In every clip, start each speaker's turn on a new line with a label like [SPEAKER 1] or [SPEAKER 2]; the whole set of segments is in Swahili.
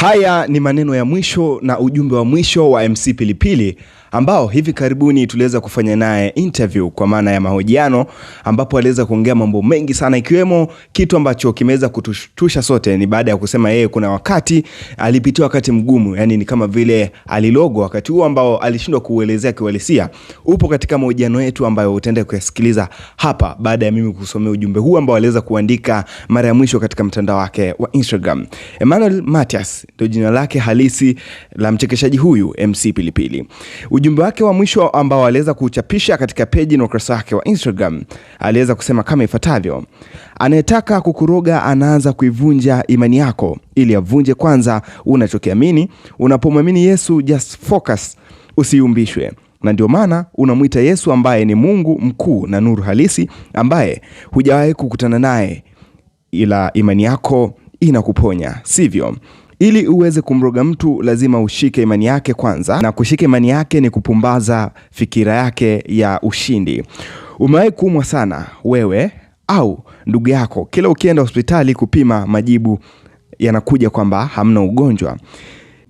[SPEAKER 1] Haya ni maneno ya mwisho na ujumbe wa mwisho wa MC Pilipili ambao hivi karibuni tuliweza kufanya naye interview kwa maana ya mahojiano, ambapo aliweza kuongea mambo mengi sana, ikiwemo kitu ambacho kimeweza kutushtusha sote ni baada ya kusema yeye kuna wakati alipitia wakati mgumu, yani ni kama vile alilogwa wakati huo ambao alishindwa kuuelezea kiuhalisia. Upo katika mahojiano yetu ambayo utaenda kuyasikiliza hapa baada ya mimi kusomea ujumbe huu ambao aliweza kuandika mara ya mwisho katika mtandao wake wa Instagram. Emmanuel Matias ndio jina lake halisi la mchekeshaji huyu MC Pilipili. Ujumbe wake wa mwisho ambao aliweza kuchapisha katika peji na ukurasa wake wa Instagram, aliweza kusema kama ifuatavyo: anayetaka kukuroga anaanza kuivunja imani yako, ili avunje kwanza unachokiamini. Unapomwamini Yesu, just focus, usiumbishwe na ndio maana unamwita Yesu ambaye ni Mungu mkuu na nuru halisi ambaye hujawahi kukutana naye, ila imani yako inakuponya, sivyo? Ili uweze kumroga mtu lazima ushike imani yake kwanza, na kushika imani yake ni kupumbaza fikira yake ya ushindi. Umewahi kuumwa sana wewe au ndugu yako, kila ukienda hospitali kupima, majibu yanakuja kwamba hamna ugonjwa.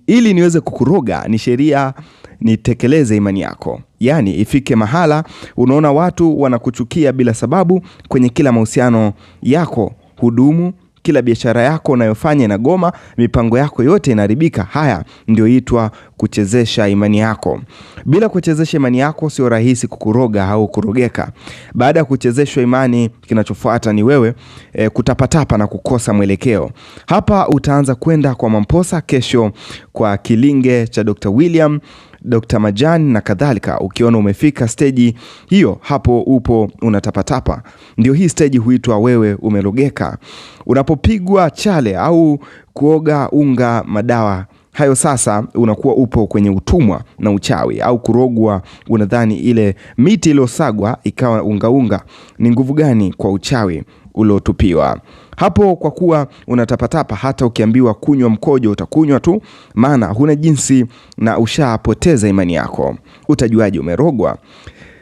[SPEAKER 1] Ili niweze kukuroga, ni sheria nitekeleze imani yako, yaani ifike mahala unaona watu wanakuchukia bila sababu kwenye kila mahusiano yako, hudumu kila biashara yako unayofanya inagoma, mipango yako yote inaharibika. Haya ndio itwa kuchezesha imani yako. Bila kuchezesha imani yako, sio rahisi kukuroga au kurogeka. Baada ya kuchezeshwa imani, kinachofuata ni wewe e, kutapatapa na kukosa mwelekeo. Hapa utaanza kwenda kwa Mamposa, kesho kwa kilinge cha Dr. William Dr. Majani na kadhalika. Ukiona umefika steji hiyo, hapo upo unatapatapa, ndio hii steji huitwa wewe umerogeka. Unapopigwa chale au kuoga unga madawa hayo sasa, unakuwa upo kwenye utumwa na uchawi au kurogwa. Unadhani ile miti iliyosagwa ikawa ungaunga ni nguvu gani kwa uchawi uliotupiwa? hapo, kwa kuwa unatapatapa, hata ukiambiwa kunywa mkojo utakunywa tu, maana huna jinsi na ushapoteza imani yako. Utajuaje umerogwa?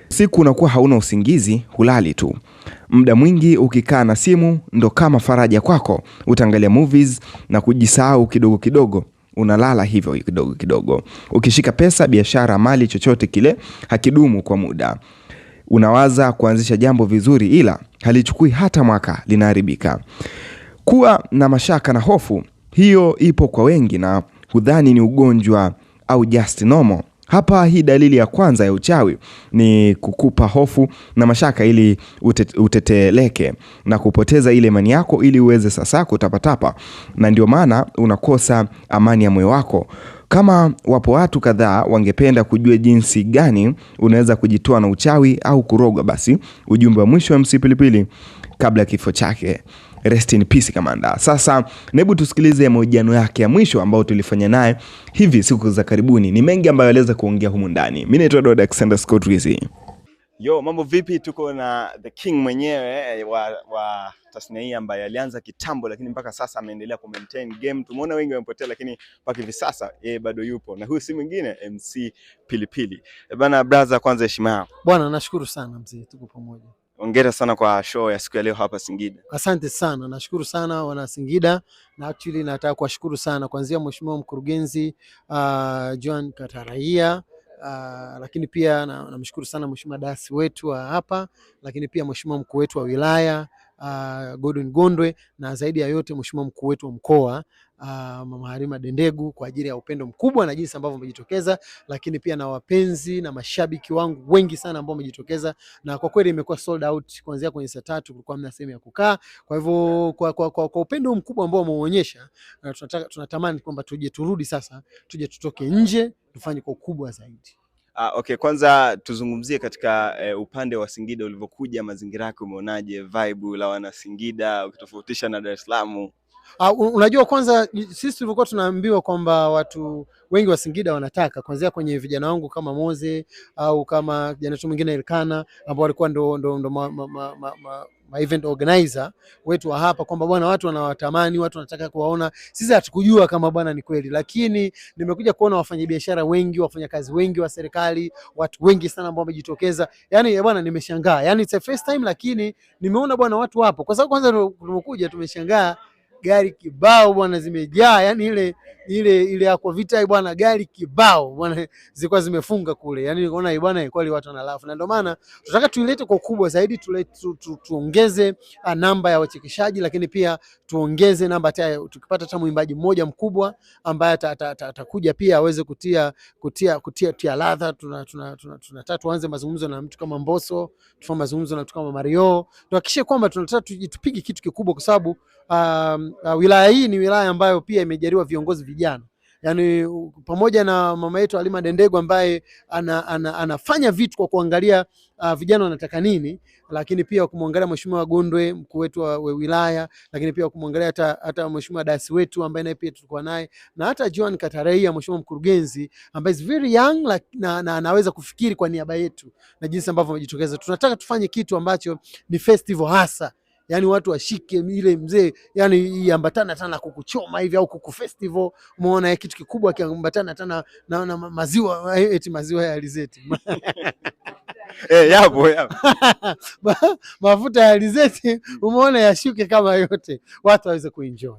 [SPEAKER 1] Siku unakuwa hauna usingizi, hulali tu muda mwingi ukikaa na simu ndo kama faraja kwako. Utaangalia movies na kujisahau kidogo kidogo, unalala hivyo kidogo kidogo. Ukishika pesa, biashara, mali, chochote kile hakidumu kwa muda unawaza kuanzisha jambo vizuri, ila halichukui hata mwaka linaharibika. Kuwa na mashaka na hofu, hiyo ipo kwa wengi na hudhani ni ugonjwa au just normal. Hapa hii dalili ya kwanza ya uchawi ni kukupa hofu na mashaka ili uteteleke na kupoteza ile imani yako, ili uweze sasa kutapatapa, na ndio maana unakosa amani ya moyo wako. Kama wapo watu kadhaa wangependa kujua jinsi gani unaweza kujitoa na uchawi au kurogwa, basi ujumbe wa mwisho wa MC Pilipili kabla ya kifo chake. Rest in peace Kamanda. Sasa hebu tusikilize mahojiano yake ya mwisho ambayo tulifanya naye hivi siku za karibuni. Ni mengi ambayo aliweza kuongea humu ndani. Mimi naitwa Alexander Scott Rizzi. Yo, mambo vipi? Tuko na the king mwenyewe eh, wa, wa tasnia hii ambaye alianza kitambo, lakini mpaka sasa ameendelea ku maintain game. Tumeona wengi wamepotea, lakini mpaka hivi sasa yeye bado yupo, na huyu si mwingine MC Pilipili eh, bana. Brother, kwanza heshima yako
[SPEAKER 2] bwana. Nashukuru sana mzee, tuko pamoja.
[SPEAKER 1] Hongera sana kwa show ya siku ya leo hapa Singida.
[SPEAKER 2] Asante sana, nashukuru sana wana Singida, na actually nataka kuwashukuru sana kuanzia mheshimiwa mkurugenzi uh, John Kataraia Uh, lakini pia namshukuru na sana mheshimiwa dasi wetu wa hapa, lakini pia mheshimiwa mkuu wetu wa wilaya uh, Godwin Gondwe na zaidi ya yote mheshimiwa mkuu wetu wa mkoa uh, Mama Halima Dendegu kwa ajili ya upendo mkubwa na jinsi ambavyo umejitokeza, lakini pia na wapenzi na mashabiki wangu wengi sana ambao wamejitokeza, na kwa kweli imekuwa sold out kuanzia kwenye saa tatu, kulikuwa mna sehemu ya kukaa. Kwa hivyo kwa, kwa, kwa, kwa upendo mkubwa ambao umeonyesha, uh, tunatamani kwamba tuje turudi sasa, tuje tutoke nje tufanye kwa ukubwa zaidi.
[SPEAKER 1] Uh, okay, kwanza tuzungumzie katika uh, upande wa Singida ulivyokuja, mazingira yake umeonaje, vibe la wana Singida ukitofautisha na Dar es Salaam?
[SPEAKER 2] Uh, unajua kwanza sisi tulivyokuwa tunaambiwa kwamba watu wengi wa Singida wanataka kuanzia kwenye vijana wangu kama Moze au kama kijana mwingine Elkana ambao walikuwa ndo, ndo, ndo ma, ma, ma, ma, ma event organizer wetu wa hapa kwamba bwana, watu wanawatamani, watu wanataka kuwaona. Sisi hatukujua kama bwana ni kweli, lakini nimekuja kuona wafanyabiashara wengi, wafanyakazi wengi wa serikali, watu wengi sana ambao wamejitokeza. Yani bwana, nimeshangaa, yani it's a first time, lakini nimeona bwana watu wapo, kwa sababu kwanza tumekuja tumeshangaa gari kibao bwana, zimejaa yani ile ile ile Aquavita bwana, gari kibao bwana, zilikuwa zimefunga kule, yani nikaona bwana, ilikuwa ni watu wanalafu, na ndio maana tunataka tuilete kwa ukubwa zaidi, tuongeze ah, namba ya wachekeshaji, lakini pia tuongeze namba tayari, tukipata hata mwimbaji mmoja mkubwa ambaye atakuja pia aweze kutia kutia kutia tia ladha. tuna tuna tuna, tuna, tuna tuanze mazungumzo na mtu kama Mboso, tufanye mazungumzo na mtu kama Mario, tuhakikishe kwamba tunataka tupige kitu kikubwa, kwa sababu um, uh, wilaya hii ni wilaya ambayo pia imejaliwa viongozi vijana yani, pamoja na mama yetu Halima Dendego ambaye ana, ana, anafanya vitu kwa kuangalia uh, vijana wanataka nini, lakini pia kumwangalia Mheshimiwa Gondwe mkuu wetu wa wilaya, lakini pia kumwangalia hata, hata Mheshimiwa Dasi wetu ambaye naye pia tulikuwa naye na hata Joan Katareia Mheshimiwa mkurugenzi ambaye is very young like, na, na anaweza kufikiri kwa niaba yetu na jinsi ambavyo amejitokeza. Tunataka tufanye kitu ambacho ni festival hasa yani watu washike ile mzee, yani iambatana tana kukuchoma hivi au kuku festival, umeona kitu kikubwa kiambatana tana na, na maziwa, eh, eti maziwa ya alizeti
[SPEAKER 1] Eh, yapo yapo
[SPEAKER 2] mafuta ya alizeti, umeona yashuke kama yote, watu waweze kuenjoy.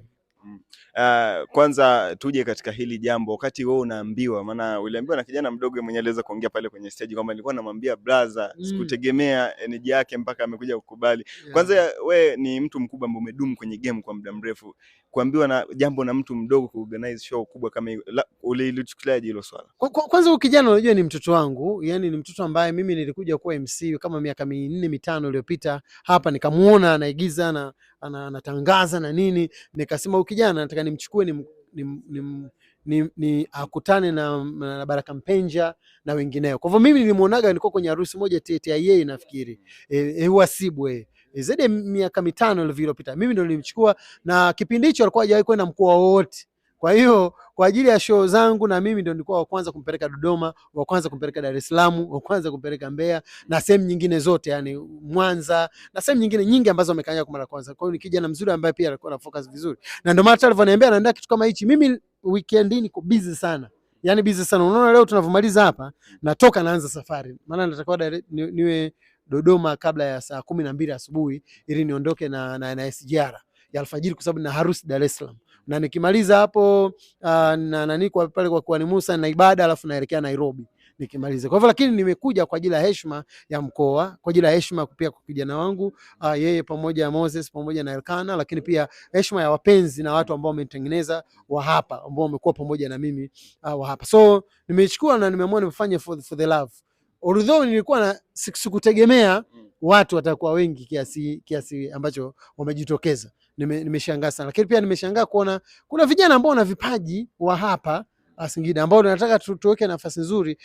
[SPEAKER 1] Uh, kwanza tuje katika hili jambo, wakati wewe unaambiwa, maana uliambiwa na kijana mdogo mwenye aliweza kuongea pale kwenye stage kwamba nilikuwa namwambia brother, mm. sikutegemea energy yake mpaka amekuja kukubali. Kwanza we ni mtu mkubwa ambaye umedumu kwenye game kwa muda mrefu, kuambiwa na jambo na mtu mdogo kuorganize show kubwa kama hiyo, ulichukuliaje hilo swala?
[SPEAKER 2] Kwanza ukijana, unajua ni mtoto wangu, yani ni mtoto ambaye mimi nilikuja kuwa MC kama miaka minne mitano iliyopita hapa, nikamuona anaigiza na anatangaza na nini, nikasema ukijana, nataka nimchukue ni, ni, ni, ni, ni akutane na, na Baraka Mpenja na wengineo. Kwa hivyo mimi nilimuonaga, nilikuwa kwenye harusi moja TTIA nafikiri, e, e, Uhasibu e zaidi ya miaka mitano iliyopita, mimi ndo nilimchukua, na kipindi hicho alikuwa hajawahi kwenda mkoa wowote. Kwa hiyo kwa ajili ya show zangu na mimi ndo nilikuwa wa kwanza kumpeleka Dodoma, wa kwanza kumpeleka Dar es Salaam, wa kwanza kumpeleka Mbeya na sehemu nyingine zote, yani Mwanza na sehemu nyingine nyingi ambazo amekanyaga kwa mara ya kwanza. Kwa hiyo ni kijana mzuri ambaye pia alikuwa na focus vizuri, na ndio maana hata alivyoniambia anaenda kitu kama hichi, mimi weekend niko busy sana Yaani busy sana. Unaona leo tunavyomaliza hapa, natoka naanza safari, maana natakiwa niwe Dodoma kabla ya saa kumi na mbili asubuhi ili niondoke na, na, na sijara ya alfajiri kwa sababu na harusi Dar es Salaam na nikimaliza hapo uh, na nani kwa pale kwa kuani Musa na ibada, alafu naelekea Nairobi nikimaliza. Kwa hivyo lakini nimekuja kwa ajili ya heshima ya mkoa, kwa ajili ya heshima pia kwa kijana wangu uh, yeye pamoja na Moses pamoja na Elkana, lakini pia heshima ya wapenzi na watu ambao wamenitengeneza wa hapa ambao wamekuwa pamoja na mimi uh, wa hapa. So nimechukua na nimeamua nifanye for, for the love although nilikuwa na sikutegemea mm. watu watakuwa wengi kiasi, kiasi ambacho wamejitokeza. Nimeshangaa nime sana, lakini pia nimeshangaa kuona kuna vijana ambao wana vipaji wa hapa mm. Singida ambao nataka tuweke nafasi nzuri,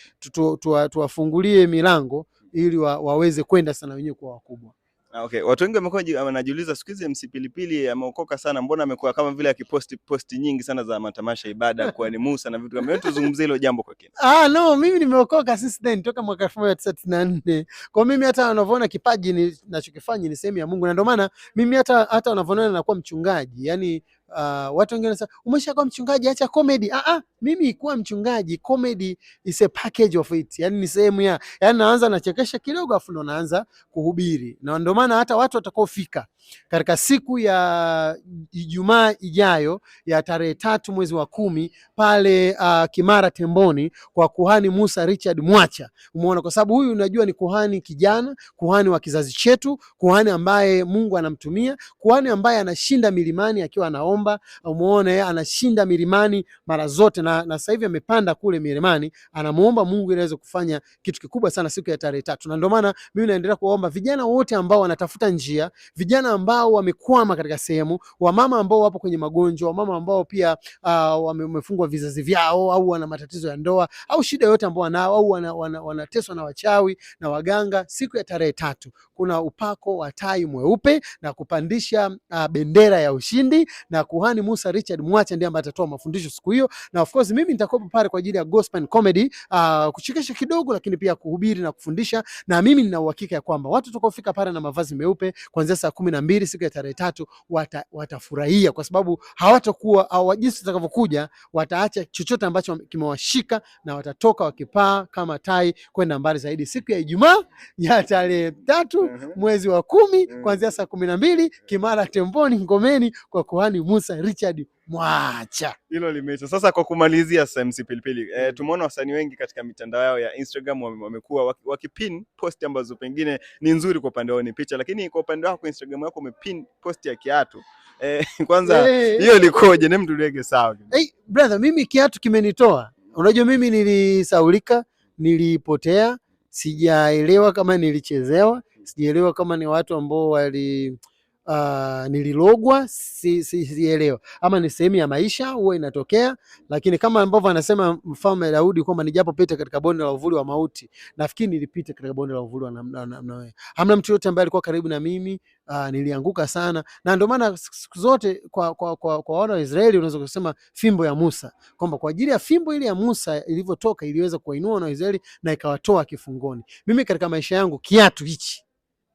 [SPEAKER 2] tuwafungulie milango mm. ili wa, waweze kwenda sana wenyewe kwa wakubwa.
[SPEAKER 1] Ah, okay, watu wengi wamekuwa wanajiuliza siku hizi MC Pilipili ameokoka sana, mbona amekuwa kama vile akiposti posti nyingi sana za matamasha ibada kwa ni Musa na vitu kama hivyo. Tuzungumzie hilo jambo kwa kina.
[SPEAKER 2] Ah, no, mimi nimeokoka since then toka mwaka 1994. Kwa mimi hata wanavyoona kipaji ninachokifanya ni sehemu ya Mungu na ndio maana mimi hata hata wanavyoona nakuwa mchungaji. Yaani Uh, watu wengine wanasema umeshakuwa mchungaji acha comedy. Ah ah, mimi kuwa mchungaji comedy is a package of it. Yaani ni sehemu ya, yani naanza nachekesha kidogo afu ndo naanza kuhubiri. Na ndio maana hata watu watakaofika katika siku ya Ijumaa ijayo ya tarehe tatu mwezi wa kumi pale uh, Kimara Temboni kwa kuhani Musa Richard Mwacha. Umeona, kwa sababu huyu unajua ni kuhani kijana, kuhani wa kizazi chetu, kuhani ambaye Mungu anamtumia, kuhani ambaye anashinda milimani akiwa anaomba. Umeone, anashinda milimani mara zote, na, na sasa hivi amepanda kule milimani, anamuomba Mungu ili aweze kufanya kitu kikubwa sana siku ya tarehe tatu, na ndio maana mimi naendelea kuomba vijana wote ambao wanatafuta njia, vijana ambao wamekwama katika sehemu, wamama ambao wapo kwenye magonjwa, wamama ambao pia uh, wamefungwa vizazi vyao au wana matatizo ya ndoa au shida yote ambao wanao au wanateswa wana, wana, na wachawi na waganga. Siku ya tarehe tatu kuna upako wa tai mweupe na kupandisha uh, bendera ya ushindi, na kuhani Musa Richard Mwacha ndiye ambaye atatoa mafundisho siku hiyo, na of course mimi nitakuwa pale kwa ajili ya gospel and comedy uh, kuchekesha kidogo, lakini pia kuhubiri na kufundisha, na mimi nina uhakika ya kwamba watu tutakaofika pale na mavazi meupe kuanzia saa kumi na mbili siku ya tarehe tatu wata, watafurahia kwa sababu hawatakuwa au jinsi watakavyokuja wataacha chochote ambacho kimewashika na watatoka wakipaa kama tai kwenda mbali zaidi siku ya Ijumaa ya tarehe tatu mhm. mwezi wa kumi mhm. kuanzia saa kumi na mbili Kimara Temboni Ngomeni kwa Kuhani Musa Richard mwacha
[SPEAKER 1] hilo limeisha. Sasa kwa kumalizia, MC Pilipili, e, tumeona wasanii wengi katika mitandao yao ya Instagram wamekuwa wakipin post ambazo pengine ni nzuri kwa upande wao ni picha, lakini kwa upande wako Instagram yako umepin post ya kiatu e, kwanza eh. hiyo hey, ilikoje? ni mtu lege sawa
[SPEAKER 2] hey, brother, mimi kiatu kimenitoa. Unajua mimi nilisaulika, nilipotea, sijaelewa kama nilichezewa, sijaelewa kama ni watu ambao wali uh, nililogwa sielewa, si, si, ama ni sehemu ya maisha huwa inatokea, lakini kama ambavyo anasema mfalme Daudi kwamba nijapopita katika bonde la uvuli wa mauti, nafikiri nilipita katika bonde la uvuli wa namna wewe. Hamna mtu yote ambaye alikuwa karibu na mimi. Uh, nilianguka sana, na ndio maana siku zote kwa, kwa, kwa, kwa wana wa Israeli unaweza kusema fimbo ya Musa, kwamba kwa ajili ya fimbo ile ya Musa ilivyotoka iliweza kuwainua wana wa Israeli na ikawatoa kifungoni. Mimi katika maisha yangu kiatu hichi,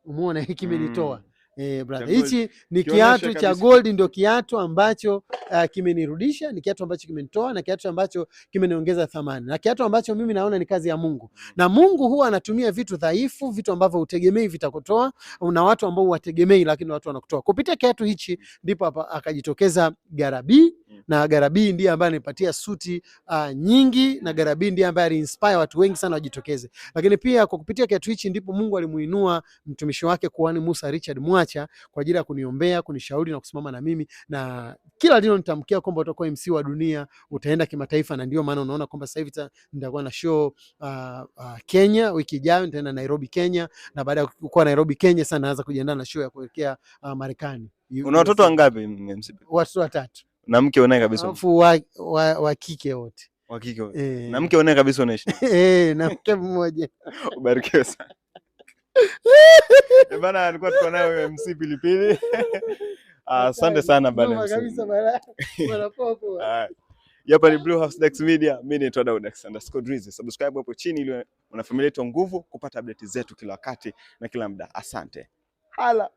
[SPEAKER 2] umeona hiki kimenitoa mm. Eh, brother, hichi ni kiatu cha gold, ndio kiatu ambacho uh, kimenirudisha, ni kiatu ambacho kimenitoa, na kiatu ambacho kimeniongeza thamani, na kiatu ambacho mimi naona ni kazi ya Mungu. Mm. Na Mungu huwa anatumia vitu dhaifu, vitu ambavyo utegemei vitakutoa, una watu ambao uwategemei, lakini watu wanakutoa. Kupitia kiatu hichi ndipo akajitokeza Garabii na Garabi ndiye ambaye anipatia suti uh, nyingi na Garabi ndiye ambaye aliinspire watu wengi sana wajitokeze, lakini pia kwa kupitia kiatu hichi ndipo Mungu alimuinua mtumishi wake kuhani Musa Richard Mwacha kwa ajili ya kuniombea, kunishauri na kusimama na mimi, na kila lino nitamkia kwamba utakuwa MC wa dunia, utaenda kimataifa, na ndio maana unaona kwamba sasa hivi nitakuwa na show uh, uh, Kenya wiki ijayo, nitaenda Nairobi Kenya, na baada ya kuwa Nairobi Kenya sana naanza kujiandaa na show ya kuelekea uh, Marekani.
[SPEAKER 1] Una watoto wangapi MC?
[SPEAKER 2] Watoto watatu
[SPEAKER 1] na mke unaye kabisa,
[SPEAKER 2] alafu wa, wa, wa kike wote
[SPEAKER 1] wa kike wote e. na mke unaye kabisa unaishi
[SPEAKER 2] eh, na mke mmoja
[SPEAKER 1] ubarikiwe sana eh, bana, alikuwa tuko naye nayo MC Pilipili. Asante sana bana kabisa bana, wanapoa hapa ni Blue House Dax Media, mimi ni Todd Dax underscore Drizzy. Subscribe hapo chini ili una familia yetu nguvu kupata update zetu kila wakati na kila muda. Asante hala.